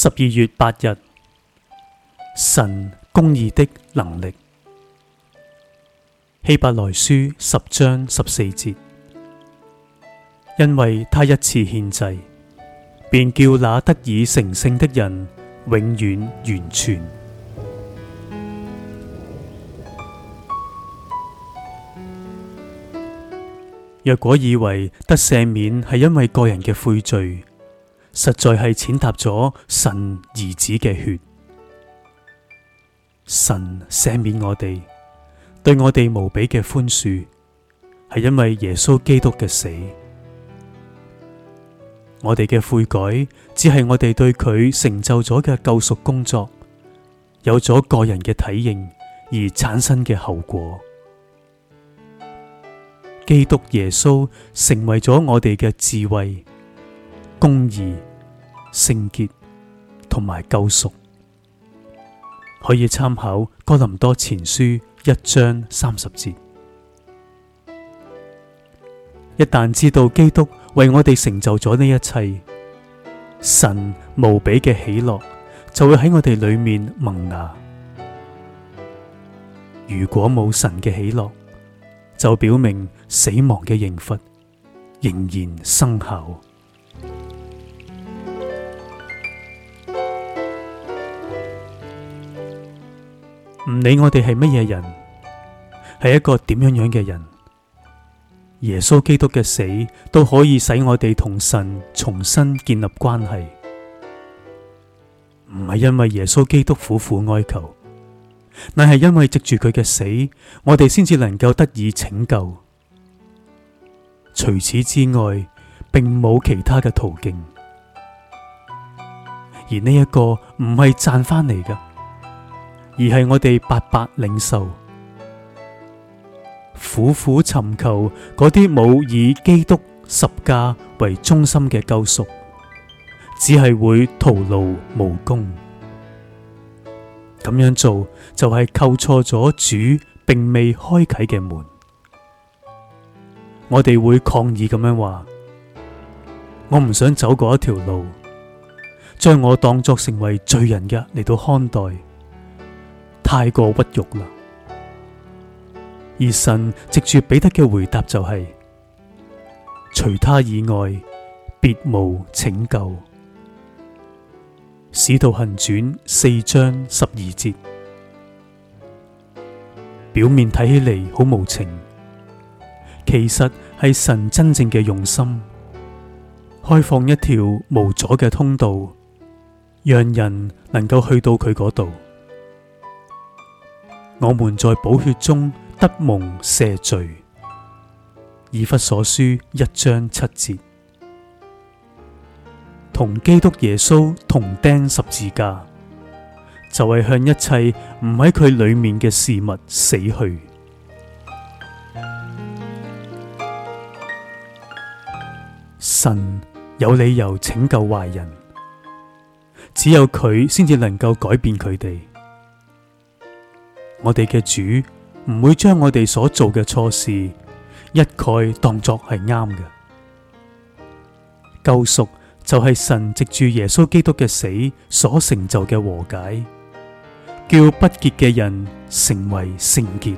十二月八日，神公義的能力，希伯來書十章十四節，因為他一次獻祭，便叫那得以成聖的人永遠完全。若果以為得赦免係因為個人嘅悔罪，實在係踐踏咗神兒子嘅血，神赦免我哋，對我哋無比嘅寬恕，係因為耶穌基督嘅死。我哋嘅悔改，只係我哋對佢成就咗嘅救贖工作有咗個人嘅體認而產生嘅後果。基督耶穌成為咗我哋嘅智慧。公義、聖潔同埋救贖，可以參考哥林多前書一章三十節。一旦知道基督為我哋成就咗呢一切，神無比嘅喜樂就會喺我哋裏面萌芽。如果冇神嘅喜樂，就表明死亡嘅刑罰仍然生效。唔理我哋係乜嘢人，係一個點樣樣嘅人，耶穌基督嘅死都可以使我哋同神重新建立關係。唔係因為耶穌基督苦苦哀求，乃係因為藉住佢嘅死，我哋先至能夠得以拯救。除此之外，並冇其他嘅途徑。而呢一個唔係賺翻嚟㗎。而係我哋白白領受。苦苦尋求嗰啲冇以基督十架為中心嘅救贖，只係會徒勞無功。咁樣做就係、是、叩錯咗主並未開啟嘅門。我哋會抗議咁樣話：我唔想走過一條路，將我當作成為罪人嘅嚟到看待。太過屈辱啦，而神藉住彼得嘅回答就係、是：除他以外，別無拯救。使徒行傳四章十二節，表面睇起嚟好無情，其實係神真正嘅用心，開放一條無阻嘅通道，讓人能夠去到佢嗰度。我們在寶血中得蒙赦罪，以弗所書一章七節，同基督耶穌同釘十字架，就係、是、向一切唔喺佢裏面嘅事物死去。神有理由拯救壞人，只有佢先至能夠改變佢哋。我哋嘅主唔會將我哋所做嘅錯事一概當作係啱嘅。救贖就係神藉住耶穌基督嘅死所成就嘅和解，叫不潔嘅人成為聖潔。